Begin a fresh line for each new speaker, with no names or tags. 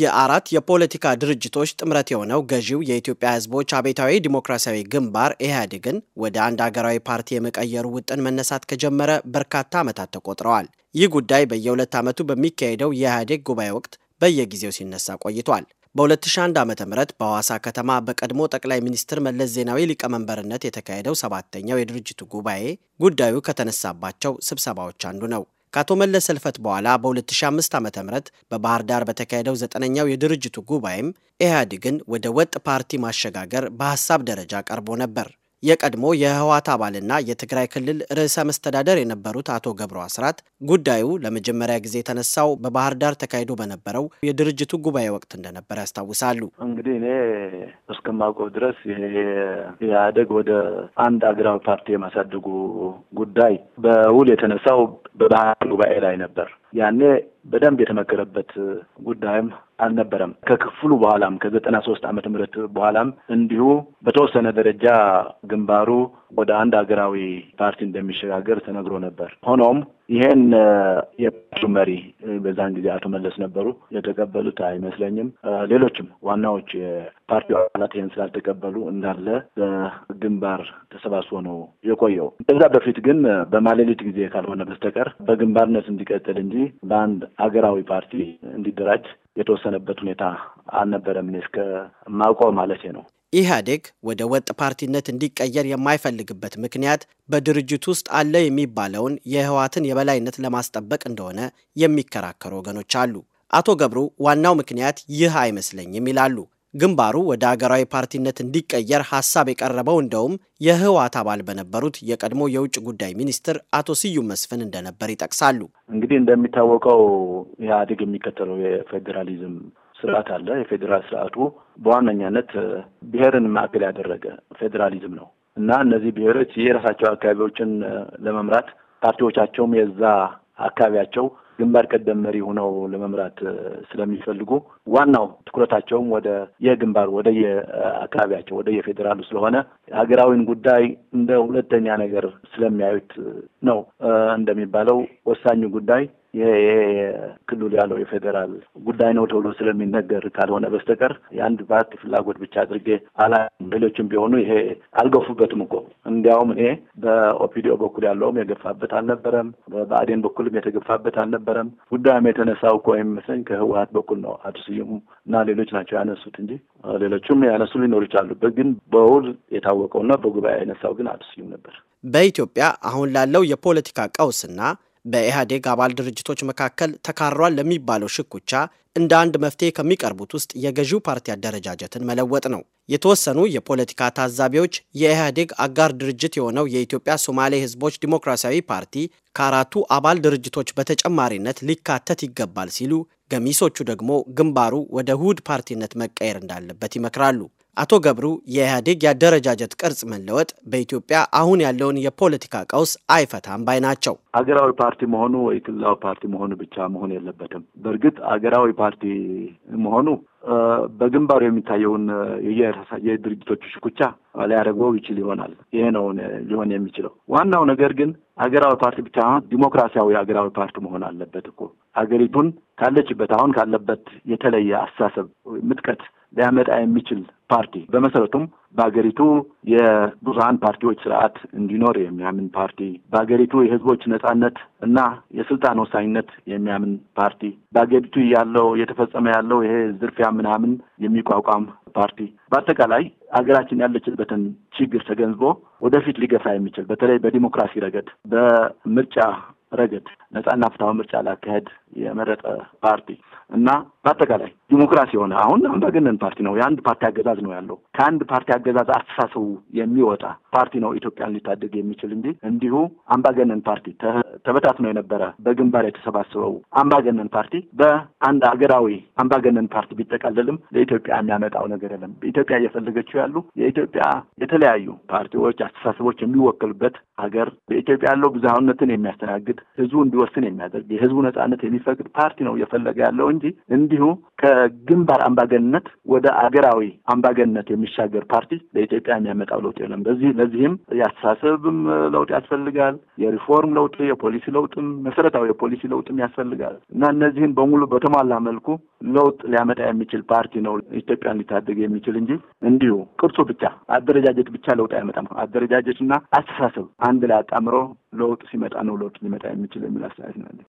የአራት የፖለቲካ ድርጅቶች ጥምረት የሆነው ገዢው የኢትዮጵያ ሕዝቦች አብዮታዊ ዲሞክራሲያዊ ግንባር ኢህአዴግን ወደ አንድ አገራዊ ፓርቲ የመቀየሩ ውጥን መነሳት ከጀመረ በርካታ ዓመታት ተቆጥረዋል። ይህ ጉዳይ በየሁለት ዓመቱ በሚካሄደው የኢህአዴግ ጉባኤ ወቅት በየጊዜው ሲነሳ ቆይቷል። በ2001 ዓ ም በሐዋሳ ከተማ በቀድሞ ጠቅላይ ሚኒስትር መለስ ዜናዊ ሊቀመንበርነት የተካሄደው ሰባተኛው የድርጅቱ ጉባኤ ጉዳዩ ከተነሳባቸው ስብሰባዎች አንዱ ነው። ከአቶ መለስ ህልፈት በኋላ በ2005 ዓ ም በባህር ዳር በተካሄደው ዘጠነኛው የድርጅቱ ጉባኤም ኢህአዴግን ወደ ወጥ ፓርቲ ማሸጋገር በሐሳብ ደረጃ ቀርቦ ነበር። የቀድሞ የህወሓት አባልና የትግራይ ክልል ርዕሰ መስተዳደር የነበሩት አቶ ገብሩ አስራት ጉዳዩ ለመጀመሪያ ጊዜ የተነሳው በባህር ዳር ተካሂዶ በነበረው የድርጅቱ ጉባኤ ወቅት እንደነበር ያስታውሳሉ።
እንግዲህ እኔ እስከማውቀው ድረስ ኢህአዴግ ወደ አንድ አገራዊ ፓርቲ የማሳደጉ ጉዳይ በውል የተነሳው በባህር luba airline of dar ያኔ በደንብ የተመከረበት ጉዳይም አልነበረም። ከክፍሉ በኋላም ከዘጠና ሶስት ዓመተ ምህረት በኋላም እንዲሁ በተወሰነ ደረጃ ግንባሩ ወደ አንድ ሀገራዊ ፓርቲ እንደሚሸጋገር ተነግሮ ነበር። ሆኖም ይሄን የፓርቲው መሪ በዛን ጊዜ አቶ መለስ ነበሩ የተቀበሉት አይመስለኝም። ሌሎችም ዋናዎች የፓርቲው አባላት ይህን ስላልተቀበሉ እንዳለ በግንባር ተሰባስቦ ነው የቆየው። ከዛ በፊት ግን በማሌሊት ጊዜ ካልሆነ በስተቀር በግንባርነት እንዲቀጥል እንጂ ስለዚህ በአንድ ሀገራዊ ፓርቲ እንዲደራጅ የተወሰነበት ሁኔታ አልነበረም፣ እኔ እስከማውቀው ማለት ነው።
ኢህአዴግ ወደ ወጥ ፓርቲነት እንዲቀየር የማይፈልግበት ምክንያት በድርጅቱ ውስጥ አለ የሚባለውን የህወሓትን የበላይነት ለማስጠበቅ እንደሆነ የሚከራከሩ ወገኖች አሉ። አቶ ገብሩ ዋናው ምክንያት ይህ አይመስለኝም ይላሉ። ግንባሩ ወደ አገራዊ ፓርቲነት እንዲቀየር ሀሳብ የቀረበው እንደውም የህወሓት አባል በነበሩት የቀድሞ የውጭ ጉዳይ ሚኒስትር አቶ ስዩም መስፍን እንደነበር ይጠቅሳሉ።
እንግዲህ እንደሚታወቀው ኢህአዴግ የሚከተለው የፌዴራሊዝም ስርዓት አለ። የፌዴራል ስርዓቱ በዋነኛነት ብሔርን ማዕከል ያደረገ ፌዴራሊዝም ነው እና እነዚህ ብሔሮች የራሳቸው አካባቢዎችን ለመምራት ፓርቲዎቻቸውም የዛ አካባቢያቸው ግንባር ቀደም መሪ ሆነው ለመምራት ስለሚፈልጉ ዋናው ትኩረታቸውም ወደ የግንባር ወደ የአካባቢያቸው ወደ የፌዴራሉ ስለሆነ ሀገራዊን ጉዳይ እንደ ሁለተኛ ነገር ስለሚያዩት ነው እንደሚባለው ወሳኙ ጉዳይ ይሄ የክልል ያለው የፌዴራል ጉዳይ ነው ተብሎ ስለሚነገር ካልሆነ በስተቀር የአንድ ፓርቲ ፍላጎት ብቻ አድርጌ አላ ሌሎችም ቢሆኑ ይሄ አልገፉበትም እኮ እንዲያውም እኔ በኦፒዲኦ በኩል ያለውም የገፋበት አልነበረም፣ በአዴን በኩልም የተገፋበት አልነበረም። ጉዳዩም የተነሳው እኮ የሚመስለኝ ከህወሀት በኩል ነው። አቶ ስዩሙ እና ሌሎች ናቸው ያነሱት እንጂ ሌሎችም ያነሱ ሊኖሩ ይቻሉበት፣ ግን በውል የታወቀውና በጉባኤ ያነሳው ግን አቶ ስዩም ነበር።
በኢትዮጵያ አሁን ላለው የፖለቲካ ቀውስና በኢህአዴግ አባል ድርጅቶች መካከል ተካሯል ለሚባለው ሽኩቻ እንደ አንድ መፍትሄ ከሚቀርቡት ውስጥ የገዢው ፓርቲ አደረጃጀትን መለወጥ ነው። የተወሰኑ የፖለቲካ ታዛቢዎች የኢህአዴግ አጋር ድርጅት የሆነው የኢትዮጵያ ሶማሌ ህዝቦች ዲሞክራሲያዊ ፓርቲ ከአራቱ አባል ድርጅቶች በተጨማሪነት ሊካተት ይገባል ሲሉ፣ ገሚሶቹ ደግሞ ግንባሩ ወደ ውህድ ፓርቲነት መቀየር እንዳለበት ይመክራሉ። አቶ ገብሩ የኢህአዴግ የአደረጃጀት ቅርጽ መለወጥ በኢትዮጵያ አሁን ያለውን የፖለቲካ ቀውስ አይፈታም ባይ ናቸው።
አገራዊ ፓርቲ መሆኑ ወይ ክልላዊ ፓርቲ መሆኑ ብቻ መሆን የለበትም። በእርግጥ አገራዊ ፓርቲ መሆኑ በግንባሩ የሚታየውን የድርጅቶቹ ሽኩቻ ሊያደርገው ይችል ይሆናል። ይሄ ነው ሊሆን የሚችለው። ዋናው ነገር ግን ሀገራዊ ፓርቲ ብቻ ዲሞክራሲያዊ ሀገራዊ ፓርቲ መሆን አለበት እኮ ሀገሪቱን ካለችበት አሁን ካለበት የተለየ አስተሳሰብ ምጥቀት ሊያመጣ የሚችል ፓርቲ በመሰረቱም በሀገሪቱ የብዙሀን ፓርቲዎች ስርዓት እንዲኖር የሚያምን ፓርቲ፣ በሀገሪቱ የህዝቦች ነጻነት እና የስልጣን ወሳኝነት የሚያምን ፓርቲ፣ በሀገሪቱ ያለው እየተፈጸመ ያለው ይሄ ዝርፊያ ምናምን የሚቋቋም ፓርቲ፣ በአጠቃላይ ሀገራችን ያለችበትን ችግር ተገንዝቦ ወደፊት ሊገፋ የሚችል በተለይ በዲሞክራሲ ረገድ በምርጫ ረገድ ነጻና ፍታው ምርጫ ላካሄድ የመረጠ ፓርቲ እና በአጠቃላይ ዲሞክራሲ የሆነ አሁን አምባገነን ፓርቲ ነው። የአንድ ፓርቲ አገዛዝ ነው ያለው። ከአንድ ፓርቲ አገዛዝ አስተሳሰቡ የሚወጣ ፓርቲ ነው ኢትዮጵያን ሊታደግ የሚችል እንጂ እንዲሁ አምባገነን ፓርቲ ተበታትኖ የነበረ በግንባር የተሰባሰበው አምባገነን ፓርቲ በአንድ አገራዊ አምባገነን ፓርቲ ቢጠቃለልም ለኢትዮጵያ የሚያመጣው ነገር የለም። ኢትዮጵያ እየፈለገችው ያሉ የኢትዮጵያ የተለያዩ ፓርቲዎች፣ አስተሳሰቦች የሚወክሉበት ሀገር በኢትዮጵያ ያለው ብዙሃነትን የሚያስተናግድ ህዝቡ እንዲወስን የሚያደርግ የህዝቡ ነጻነት የሚፈቅድ ፓርቲ ነው እየፈለገ ያለው እንጂ እንዲሁ ከግንባር አምባገንነት ወደ አገራዊ አምባገንነት የሚሻገር ፓርቲ ለኢትዮጵያ የሚያመጣው ለውጥ የለም። በዚህ ለዚህም የአስተሳሰብም ለውጥ ያስፈልጋል። የሪፎርም ለውጥ፣ የፖሊሲ ለውጥም መሰረታዊ የፖሊሲ ለውጥም ያስፈልጋል እና እነዚህን በሙሉ በተሟላ መልኩ ለውጥ ሊያመጣ የሚችል ፓርቲ ነው ኢትዮጵያን ሊታደግ የሚችል እንጂ እንዲሁ ቅርጹ ብቻ አደረጃጀት ብቻ ለውጥ አደረጃጀት አደረጃጀትና አስተሳሰብ አንድ ላይ አጣምሮ ለውጥ ሲመጣ ነው ለውጥ ሊመጣ የሚችል የሚል አስተያየት ነው